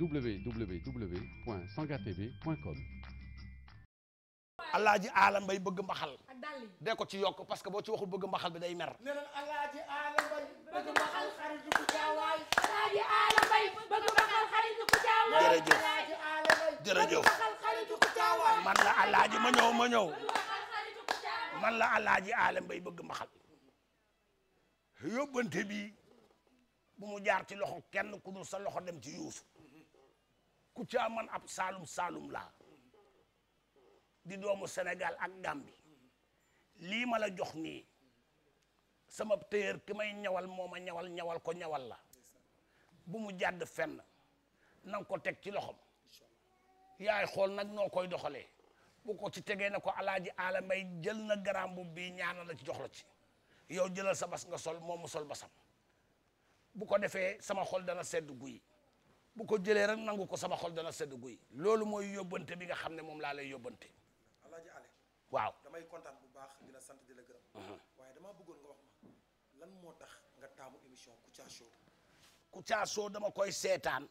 www.sangatv.com alaaji aala mbay bëgg mbaxal de ko ci yokk parce que boo ci waxul bëgg mbaxal bi day mer ne leen mbay bëgg mbaxal man la alaaji ma mbay bëgg mbaxal yóbbante bi bu mu jaar ci loxo kenn ku dul sa loxo dem ci yuusu Kouthia man ab saalum saalum laa di doomu senegal ak Gambie lii ma la jox nii sama téyër ki may ñawal moom ma ñawal ñawal ko ñawal la bu mu jàdd fenn nanga ko teg ci loxom yaay xool nag noo koy doxalee bu ko ci tegee na ko alaaji aala mbay jël na garaam bu bii ñaana la ci jox la ci yow jëlal sa bas nga sol moom mu sol basam bu ko defee sama xol dana sedd guy bu ko jëlee rek nangu ko sama xol dana sedd guy loolu mooy yóbbante bi nga xam ne moom laa lay yóbbante alaaji ale waaw damay kontaan bu baax di la sant di la gërëm waaye damaa bëggoon nga wax ma lan moo tax nga taamu émission Kouthia Show Kouthia dama koy seetaan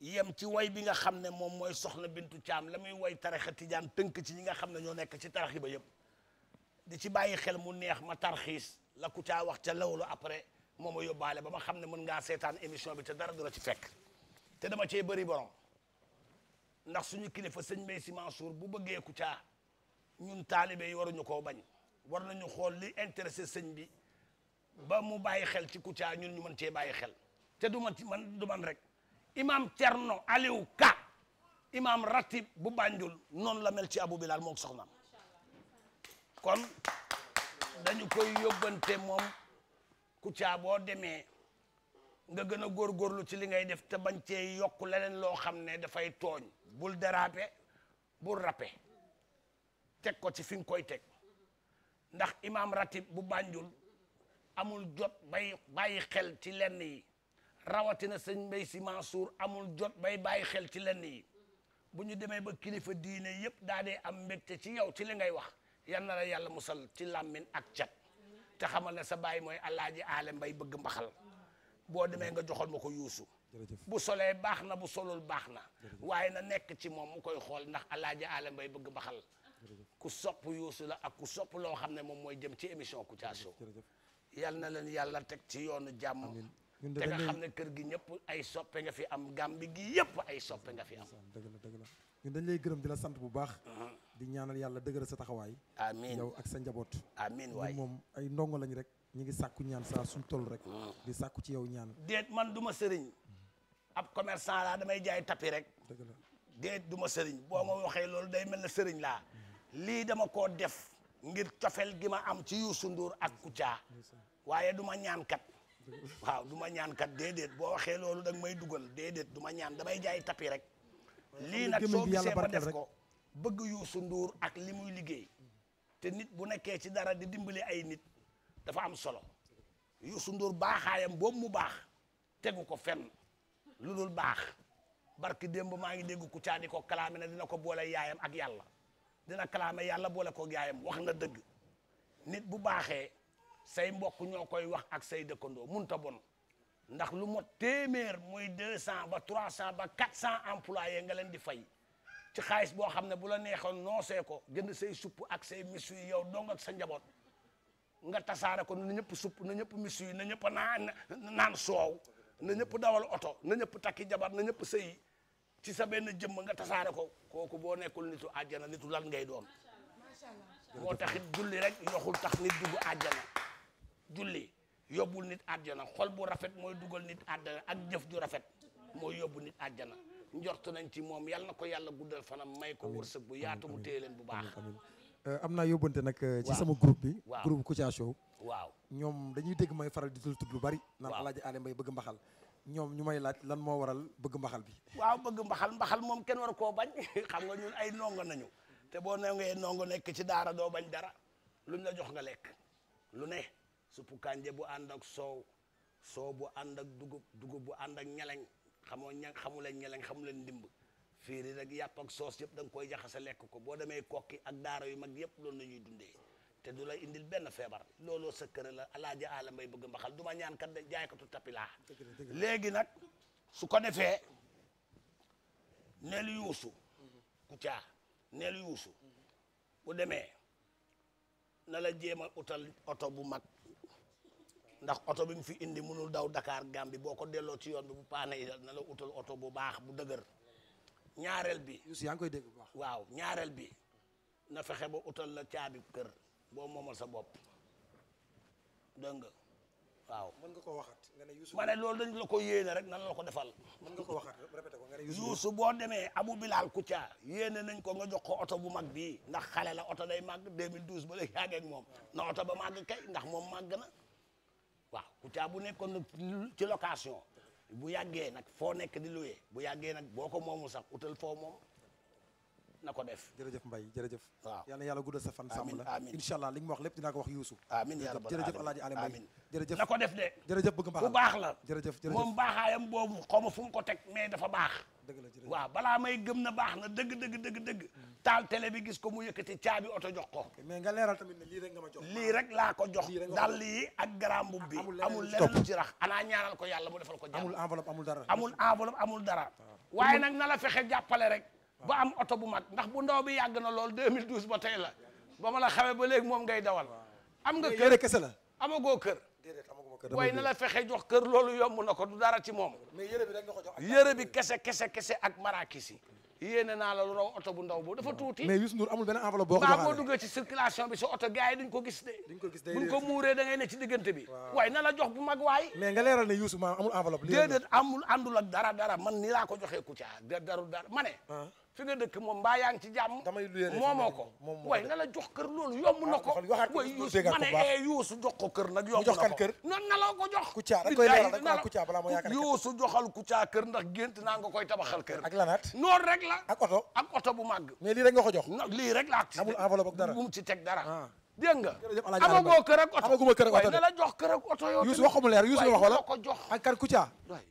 yem ci way bi nga xam ne moom mooy soxna Bintu Thiam la muy way tarixa tijaan tënk ci ñi nga xam ne ñoo nekk ci taraxi ba yëpp di ci bàyyi xel mu neex ma tarxiis la caa wax ca lawlu après mooma yóbbaale ba ma xam ne mën ngaa seetaan émission bi te dara la ci fekk te dama cee bëri borom ndax suñu kilifa sëñ Mbaye Sy Mansour bu bëggee ku Kouthia ñun taalibe yi waruñu koo bañ war nañu xool li intéressé sëñ bi ba mu bàyyi xel ci Kouthia ñun ñu mën cee bàyyi xel te du man man du man rek imam Thierno Aliou Ka imam Ratib bu Banjul noonu la mel ci Abou Bilal moom soxnaam kon dañu koy moom Kouthia boo demee nga gën a góorlu ci li ngay def te bañ cee yokk leneen loo xam ne dafay tooñ bul déraper bul rappe teg ko ci fi koy teg ndax imam ratib bu Banjul amul jot bay bàyyi xel ci lenn yi rawatina sëñ Mbay Si Mansour amul jot bay bàyyi xel ci lenn yi bu ñu demee ba kilifa diine yépp daa am mbégte ci yow ci li ngay wax yan na la yàlla musal ci làmmin ak cat te xamal ne sa baay mooy alaaji aale mbay bëgg mbaxal boo demee nga joxoon ma ko yuusu bu solee baax na bu solul baax na waaye na nekk ci moom mu koy xool ndax alaaji alam bay bëgg baxal ku sopp yuusu la ak ku sopp loo xam ne moom mooy jëm ci émission Kouthia Show yal na leen yàlla teg ci yoonu jàmm te nga xam ne kër gi ñëpp ay soppe nga fi am Gàmbi gi yëpp ay soppe nga fi am dëgg la dëgg la ñun dañ lay gërëm di la sant bu baax uh-huh. di ñaanal yàlla dëgëral sa taxawaay amiin yow ak sa njaboot amiin waay moom ay ndongo lañ rek ñu ngi sàkku ñaan saa suñ tol rek mm. di sàkku ci yow ñaan déet man duma sëriñ mm-hmm. ab commerçant laa damay jaay tappi rek dëgg déet du ma sëriñ boo ma waxee loolu day mel na sëriñ laa mm-hmm. lii dama koo def ngir cofel gi ma am ci Youssou Ndour ak mm-hmm. Kouthia waaye du ma ñaan kat waaw du ma ñaan kat boo waxee loolu da may dugal déedéet du ma ñaan damay jaay tapis rek lii nag soo gisee ma def ko bëgg Youssou Ndour ak li muy liggéey te nit bu nekkee ci dara di dimbali ay nit dafa am solo Youssou Ndour baaxaayam boobu mu baax tegu ko fenn lu dul baax barki démb maa ngi dégg ku caadi ko kalaame ne dina ko boole yaayam ak yàlla dina kalaame yàlla boole ko yaayam wax na dëgg nit bu baaxee say mbokk ñoo koy wax ak say dëkkandoo munta bon ndax lu mot téeméer muy deux cent ba trois cent ba quatre cent employés nga leen di fay ci xaalis boo xam ne bu la neexoon noosee ko jënd say supp ak say misu yow dong ak sa njaboot nga tasaare ko na ñëpp supp na ñëpp misu yi na ñëpp naan soow na ñëpp dawal oto na ñëpp takki jabar na ñëpp sëyi ci sa benn jëmm nga tasaare ko kooku boo nekkul nitu àjjana nitu lan ngay doon moo taxit julli rek yoxul tax nit dugg àjjana julli yóbbul nit àjjana xol bu rafet mooy dugal nit àjjana ak jëf ju rafet mooy yóbbu nit àjjana njort nañ ci moom yal na ko yàlla guddal fanam may ko wërsëg bu yaatu mu téye leen bu baax Euh, am naa yóbbante nag. Euh, ci sama groupe bi. groupe Kouthia Show. waaw ñoom dañuy dégg may faral di tudd lu bari. waaw naan Alaaji may bëgg mbaxal. ñoom ñu may laaj lan moo waral bëgg mbaxal bi. waaw bëgg mbaxal mbaxal moom kenn war koo bañ xam nga ñun ay ndongo nañu. te boo nangee ndongo nekk ci daara doo bañ dara luñ la jox nga lekk lu ne suppu kànja bu ànd ak soow soow bu ànd ak dugub dugub bu ànd ak ñeleñ xamoo ña xamu leen ñeleñ xamu leen ndimb féeréer ak yàpp ak soos yëpp danga koy jaxase lekk ko boo demee kokki ak daaro yu mag yëpp loolu na ñuy dundee te du la indil benn feebar looloo sa kër la alaaji aala mbay bëgg mbaxal du ma ñaan kat jaaykatu tapilaa léegi nag su ko defee neel yuusu Kouthia neel yuusu bu demee na la jéem a utal oto bu mag ndax oto bi mu fi indi mënul daw Dakar Gàmbi boo ko delloo ci yoon bi bu paane na la utal oto bu baax bu dëgër ñaareel bi. yaa ngi koy dégg baax. waaw ñaareel bi na fexe ba utal la caabi kër boo moomal sa bopp dégg nga waaw. mën nga ko waxat nga ne Youssou. ma ne loolu dañ la ko yéene rek nan la ko defal. mën nga ko waxat répété ko nga ne Youssou. boo demee Abou Bilal Koutia yéene nañ ko nga jox ko oto bu mag bii ndax xale la oto day màgg 2012 ba léegi yàggee ak moom na oto ba màgg kay ndax moom màgg na waaw Koutia bu nekkoon ci location. bu yàggee nag foo nekk di loué bu yàggee nag boo ko moomul sax utal foo moom na ko def jërëjëf Mbaye jërëjëf la amiin incha allah li nga ma wax lépp dinaa ko wax Youssou amiin yaa rabbal jërëjëf na ko def de jërëjëf bëgg mbaax bu baax la jërëjëf jërëjëf moom baaxaayam boobu xaw ma fu mu la jërëjëf waaw balaa may gëm na baax na dëgg dëgg dëgg dëgg taal télé bi gis ko mu yëkkati caabi oto lii rek ma jox lii rek laa ko jox dàll yi ak garaam bu bi amul lenn lu ci rax ñaanal ko yàlla mu defal ko jàmm amul dara amul dara ah. waaye nag na la fexe rek ba am oto bu mag ndax bu ndaw bi yàgg na lool 2012 ba tey la ba ma la xamee ba léegi moom ngay dawal am nga kër kese la amagoo kër waaye na la fexe jox kër loolu yomb na ko du dara ci moom mais yére bi rek nga ko jox yére bi kese kese kese ak maraakis yi yéene naa la oto bu ndaw boobu dafa tuuti mais Youssou Ndour amul benn enveloppe boo ko joxaale boo oto gars yi duñ gis de duñ ko gis de buñ ko muuree da ngay ne ci diggante bi waaye na la jox bu mag waay mais nga leeral ne Youssou ma amul enveloppe déedéet amul àndul ak dara dara man ni laa ko joxee Kouthia da daru dara ma fi nga dëkk moom baa yaa ngi ci jàmm moomoo ko way na la jox kër loolu yomb na ko ah, way yuusu ma ne ee eh, yuusu jox ko kër nag yomb na ko non na la ko jox yuusu joxal Kouthia kër ndax gént naa nga koy tabaxal kër ak lanaat noonu rek la ak oto ak oto bu màgg mais lii rek nga jox lii rek la ak amul enveloppe bu mu ci teg dara ah. dégg nga amagoo kër ak oto amaguma kër ak oto na la jox kër ak oto yoo yuusu waxuma leer yuusu wax wala ko jox ak kan